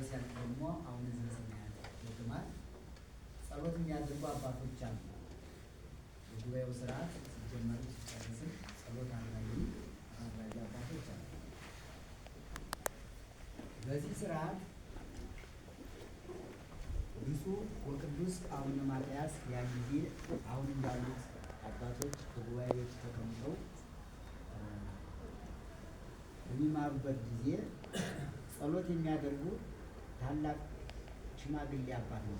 ላይ ሲያልፍ ደግሞ አሁን ዝረሰናያል ይድማል። ጸሎት የሚያደርጉ አባቶች አሉ። የጉባኤው ስርዓት ሲጀመር ሲጨርስም ጸሎት አድራጊ አድራጊ አባቶች አሉ። በዚህ ስርዓት ብፁዕ ወቅዱስ አቡነ ማትያስ ያን ጊዜ አሁን እንዳሉት አባቶች በጉባኤዎች ተቀምጠው በሚማሩበት ጊዜ ጸሎት የሚያደርጉ ታላቅ ሽማግሌ አባት ነው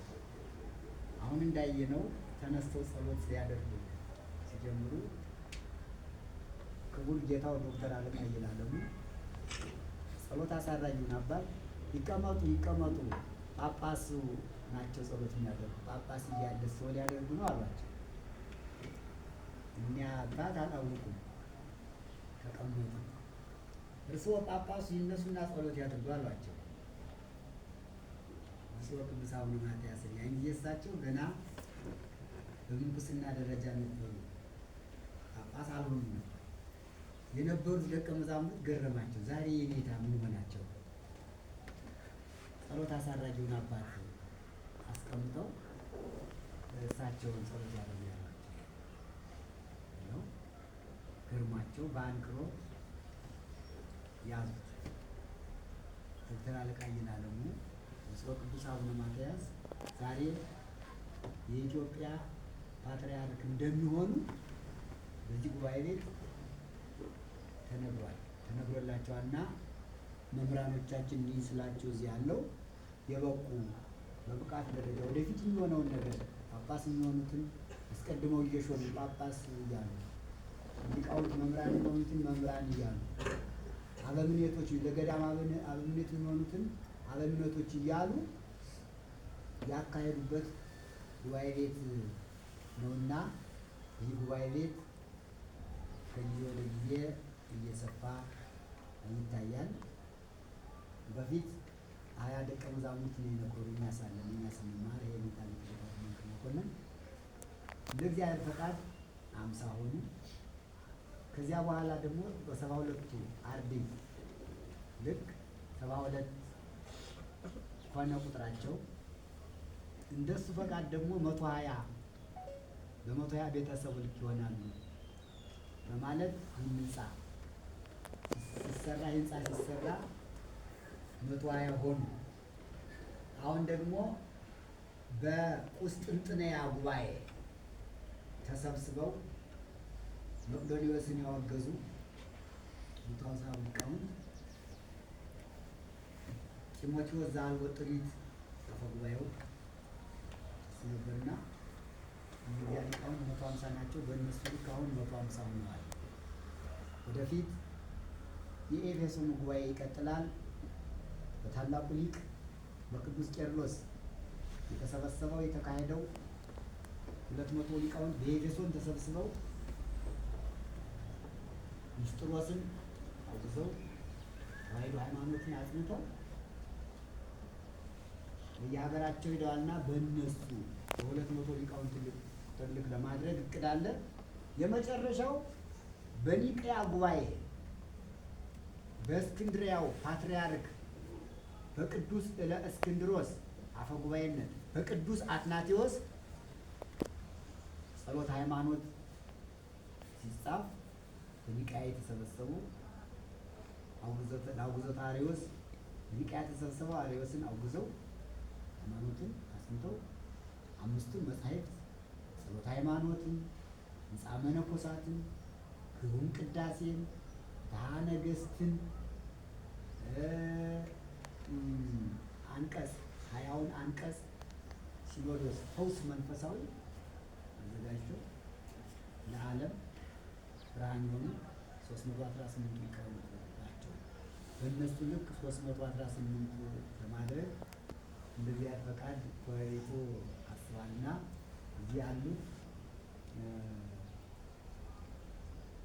አሁን እንዳየነው ተነስተው ጸሎት ሲያደርጉ ሲጀምሩ ክቡር ጌታው ዶክተር አለማየሁ ይላለሙ ጸሎት አሳራዩን አባት ይቀመጡ ይቀመጡ፣ ጳጳሱ ናቸው ጸሎት የሚያደርጉ ጳጳስ እያለ ሰው ሊያደርጉ ነው አሏቸው። እኛ አባት አላውቁም፣ ተቀመጡ፣ እርስዎ ጳጳሱ ይነሱና ጸሎት ያደርጉ አሏቸው። ብፁዕ ቅዱስ አቡነ ማትያስን ያን ጊዜ እሳቸው ገና በምንኩስና ደረጃ ነበሩ፣ ጳጳስ አልሆኑም ነበር። የነበሩት ደቀ መዛሙርት ገረማቸው። ዛሬ የኔታ ምን ሆናቸው? ጸሎት አሳራጊውን አባት አስቀምጠው እሳቸውን ጸሎት ያደርጉ ያሏቸው ገርሟቸው በአንክሮ ያዙት። ዶክተር አለቃ ይላለሙ ብፁዕ ወቅዱስ አቡነ ማትያስ ዛሬ የኢትዮጵያ ፓትርያርክ እንደሚሆኑ በዚህ ጉባኤ ቤት ተነግሯል ተነግሮላቸዋል መምህራኖቻችን እንዲህ ስላቸው እዚህ ያለው የበቁ በብቃት ደረጃ ወደፊት የሚሆነውን ነገር ጳጳስ የሚሆኑትን አስቀድመው እየሾሙ ጳጳስ እያሉ ሊቃውንት መምህራን የሚሆኑትን መምህራን እያሉ አበምኔቶች ለገዳም አበምኔት የሚሆኑትን አበምነቶች እያሉ ያካሄዱበት ጉባኤ ቤት ነውና ይህ ጉባኤ ቤት ከጊዜ ወደ ጊዜ እየሰፋ ይታያል። በፊት ሀያ ደቀ መዛሙርት ነው የነበሩ የሚያሳለን ስንማር ይሄ ሜታሊክ መኮንን እንደ እግዚአብሔር ፈቃድ አምሳ ሆኑ። ከዚያ በኋላ ደግሞ በሰባ ሁለቱ አርድእት ልክ ሰባ ሁለት ሆነ ቁጥራቸው። እንደሱ ፈቃድ ደግሞ መቶ ሀያ በመቶ ሀያ ቤተሰቡ ልክ ይሆናሉ በማለት ህንፃ ሲሰራ ህንፃ ሲሰራ መቶ ሀያ ሆኑ። አሁን ደግሞ በቁስጥንጥንያ ጉባኤ ተሰብስበው መቅዶኒዎስን ያወገዙ ሙታሳ ሊቃውንት ጢሞቴዎስ ዘአልወጥሪት አፈ ጉባኤው ነበርና እንግዲህ ሊቃውንት መቶ ሀምሳ ናቸው። በእነሱ ልክ አሁን መቶ ሀምሳ ሆነዋል። ወደፊት የኤፌሶኑ ጉባኤ ይቀጥላል። በታላቁ ሊቅ በቅዱስ ቄርሎስ የተሰበሰበው የተካሄደው ሁለት መቶ ሊቃውንት በኤፌሶን ተሰብስበው ምስጢሮስን አውጥተው ተዋሕዶ ሃይማኖትን አጽንተው በየሀገራቸው ሄደዋልና በእነሱ በሁለት መቶ ሊቃውንት ትልቅ ለማድረግ እቅድ አለ። የመጨረሻው በኒቅያ ጉባኤ በእስክንድሪያው ፓትርያርክ በቅዱስ እለ እስክንድሮስ አፈ ጉባኤነት በቅዱስ አትናቴዎስ ጸሎት ሃይማኖት ሲጻፍ በኒቅያ የተሰበሰቡ ለአውግዘት አሪዎስ በኒቅያ የተሰበሰበው አሪዎስን አውግዘው አጽንተው አምስቱን መጻሕፍት ጸሎተ ሃይማኖትን፣ ሕንፃ መነኮሳትን፣ ግሩም ቅዳሴን፣ ድሃ ነገስትን አንቀጽ ሀያውን አንቀጽ ሲኖዶስ ፈውስ መንፈሳዊ አዘጋጅቶ ለዓለም ብርሃን የሆኑ 318 ሊቃውንት ናቸው። በእነሱ ልክ 318 በማድረግ እንደዚህ አይነት ፈቃድ ተወያይቶ አስባልና እዚህ ያሉት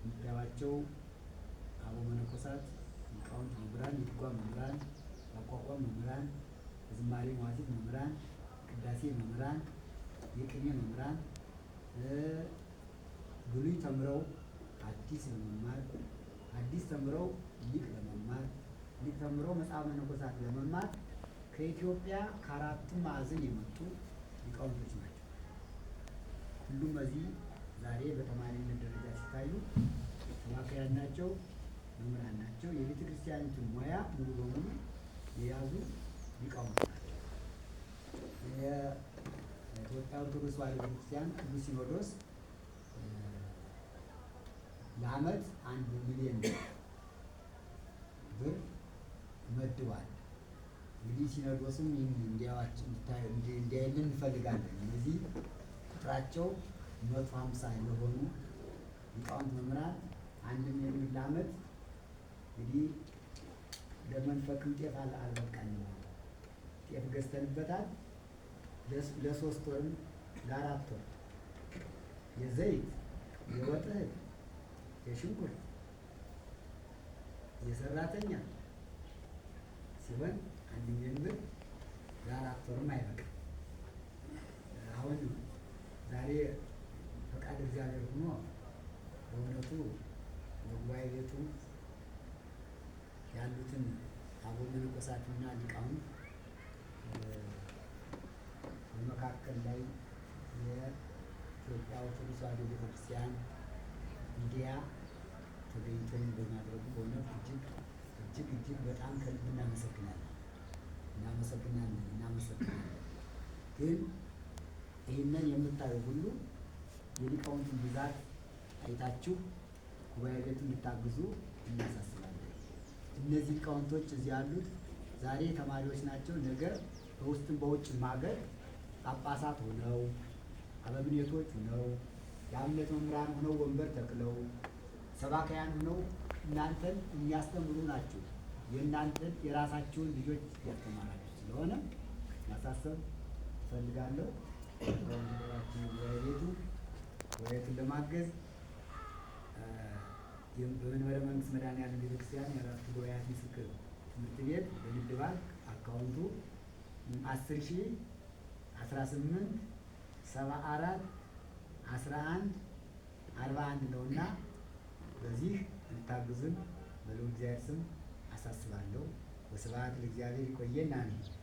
የሚታያቸው አቦ መነኮሳት፣ ሊቃውንት መምህራን፣ የድጓ መምህራን፣ አቋቋም መምህራን፣ ዝማሬ መዋሥዕት መምህራን፣ ቅዳሴ መምህራን፣ የቅኔ መምህራን ብሉይ ተምረው አዲስ ለመማር አዲስ ተምረው ሊቅ ለመማር ሊቅ ተምረው መጽሐፍ መነኮሳት ለመማር ከኢትዮጵያ ከአራት ማዕዘን የመጡ ሊቃውንቶች ናቸው። ሁሉም በዚህ ዛሬ በተማሪነት ደረጃ ሲታዩ ተማካያን ናቸው፣ መምህራን ናቸው። የቤተ ክርስቲያኒቱን ሙያ ሙሉ በሙሉ የያዙ ሊቃውንት ናቸው። የኢትዮጵያ ኦርቶዶክስ ተዋሕዶ ቤተክርስቲያን ቅዱስ ሲኖዶስ ለዓመት አንድ ሚሊዮን ብር መድቧል። እንግዲህ ሲኖዶስም ይህን እንዲያይልን እንፈልጋለን። እነዚህ ቁጥራቸው መቶ ሀምሳ የሆኑ ሊቃውንት መምህራን አንድም የሚል ዓመት እንግዲህ ለመንፈቅም ጤፍ አልበቃንም። ጤፍ ገዝተንበታል። ለሶስት ወርም ለአራት ወር የዘይት የወጥ እህል የሽንኩርት የሰራተኛ ሲሆን አንድ ሚሊዮን ብር ለአራት ወርም አሁን ዛሬ ፈቃድ እግዚአብሔር ሆኖ በእውነቱ በጉባኤ ቤቱ ያሉትን አቡነ መነኮሳትና ሊቃውንት በመካከል ላይ የኢትዮጵያ ኦርቶዶክስ ተዋሕዶ ቤተክርስቲያን ሚዲያ ተገኝተን በማድረጉ በእውነት እጅግ እጅግ እጅግ በጣም ከልብ እናመሰግናለን። እናመሰግናለን እናመሰግናለን። ግን ይህንን የምታዩ ሁሉ የሊቃውንቱን ብዛት አይታችሁ ጉባኤ ቤት እንድታግዙ እናሳስባለን። እነዚህ ሊቃውንቶች እዚህ ያሉት ዛሬ ተማሪዎች ናቸው። ነገ በውስጥም በውጭ ማገር ጳጳሳት ሆነው አበምኔቶች ሆነው የአብነት መምህራን ሆነው ወንበር ተክለው ሰባካያን ሆነው እናንተን የሚያስተምሩ ናቸው። የእናንተን የራሳችሁን ልጆች ያስተማራችሁ ስለሆነ ማሳሰብ እፈልጋለሁ። በወንድራችን ቤቱ ጉባኤቱን ለማገዝ በመንበረ መንግስት መድኃኔዓለም ቤተክርስቲያን የአራቱ ጉባኤያት ምስክር ትምህርት ቤት በንግድ ባንክ አካውንቱ አስር ሺ አስራ ስምንት ሰባ አራት አስራ አንድ አርባ አንድ ነውና በዚህ እንድታግዙን በልዑል እግዚአብሔር ስም አሳስባለሁ። ወስብሐት ለእግዚአብሔር። ይቆየን። አሜን።